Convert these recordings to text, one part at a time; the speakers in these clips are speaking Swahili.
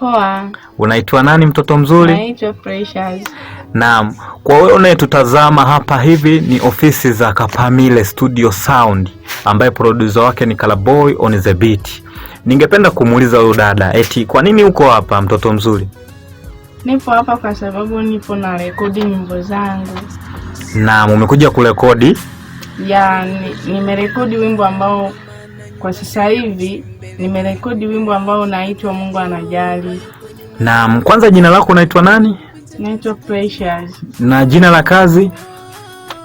Poa. Unaitwa nani mtoto mzuri? Naitwa Precious. Naam, kwa wewe unayetutazama hapa hivi ni ofisi za Kapamile Studio Sound ambaye producer wake ni Kalaboy on the beat. Ningependa kumuuliza huyu dada eti kwa nini uko hapa mtoto mzuri? Nipo hapa kwa sababu nipo na rekodi nyimbo zangu. Naam, umekuja kurekodi? Ya, nimerekodi ni wimbo ambao kwa sasa hivi nimerekodi wimbo ambao unaitwa Mungu anajali. Naam, kwanza jina lako unaitwa nani? Naitwa Precious. Na jina la kazi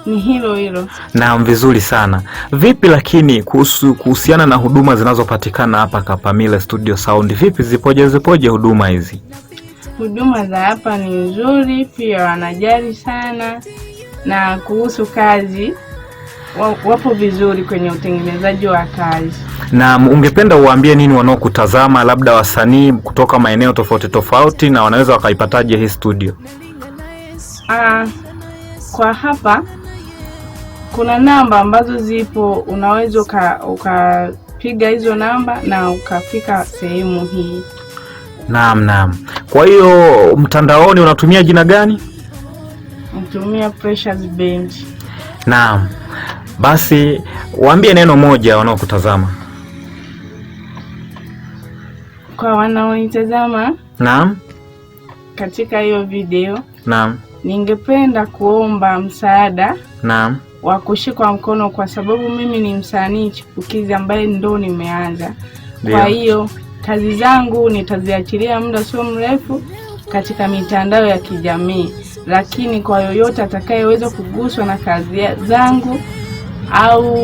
ni hilo hilo. Naam, vizuri sana. Vipi lakini kuhusu kuhusiana na huduma zinazopatikana hapa Kapamile Studio Sound, vipi, zipoje zipoje huduma hizi? Huduma za hapa ni nzuri, pia wanajali sana. Na kuhusu kazi, wapo vizuri kwenye utengenezaji wa kazi. Na ungependa uambie nini wanaokutazama, labda wasanii kutoka maeneo tofauti tofauti, na wanaweza wakaipataje hii studio? Uh, kwa hapa kuna namba ambazo zipo, unaweza ukapiga hizo namba na ukafika sehemu hii. Naam, naam. Kwa hiyo mtandaoni unatumia jina gani? Natumia Precious Naam, basi waambie neno moja wanaokutazama. Kwa wanaonitazama naam, katika hiyo video naam, ningependa kuomba msaada naam, wa kushikwa mkono, kwa sababu mimi ni msanii chipukizi ambaye ndo nimeanza. Kwa hiyo kazi zangu nitaziachilia muda sio mrefu katika mitandao ya kijamii, lakini kwa yoyote atakayeweza kuguswa na kazi zangu au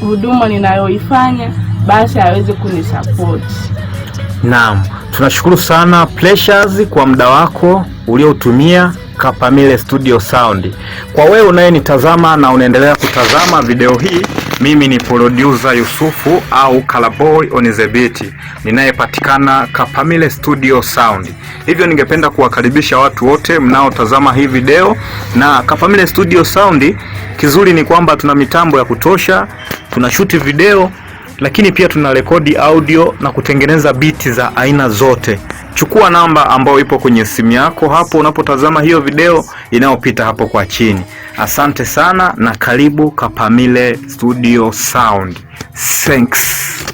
huduma ninayoifanya basi aweze kunisapoti. Naam, tunashukuru sana Pleasures kwa muda wako uliotumia Kapamile Studio Sound. Kwa wewe unayenitazama na unaendelea kutazama video hii, mimi ni producer Yusufu au Kalaboy on the beat ninayepatikana Kapamile Studio Sound. Hivyo ningependa kuwakaribisha watu wote mnaotazama hii video na Kapamile Studio Sound. Kizuri ni kwamba tuna mitambo ya kutosha, tunashuti video lakini pia tuna rekodi audio na kutengeneza biti za aina zote. Chukua namba ambayo ipo kwenye simu yako hapo unapotazama hiyo video inayopita hapo kwa chini. Asante sana na karibu Kapamile Studio Sound. Thanks.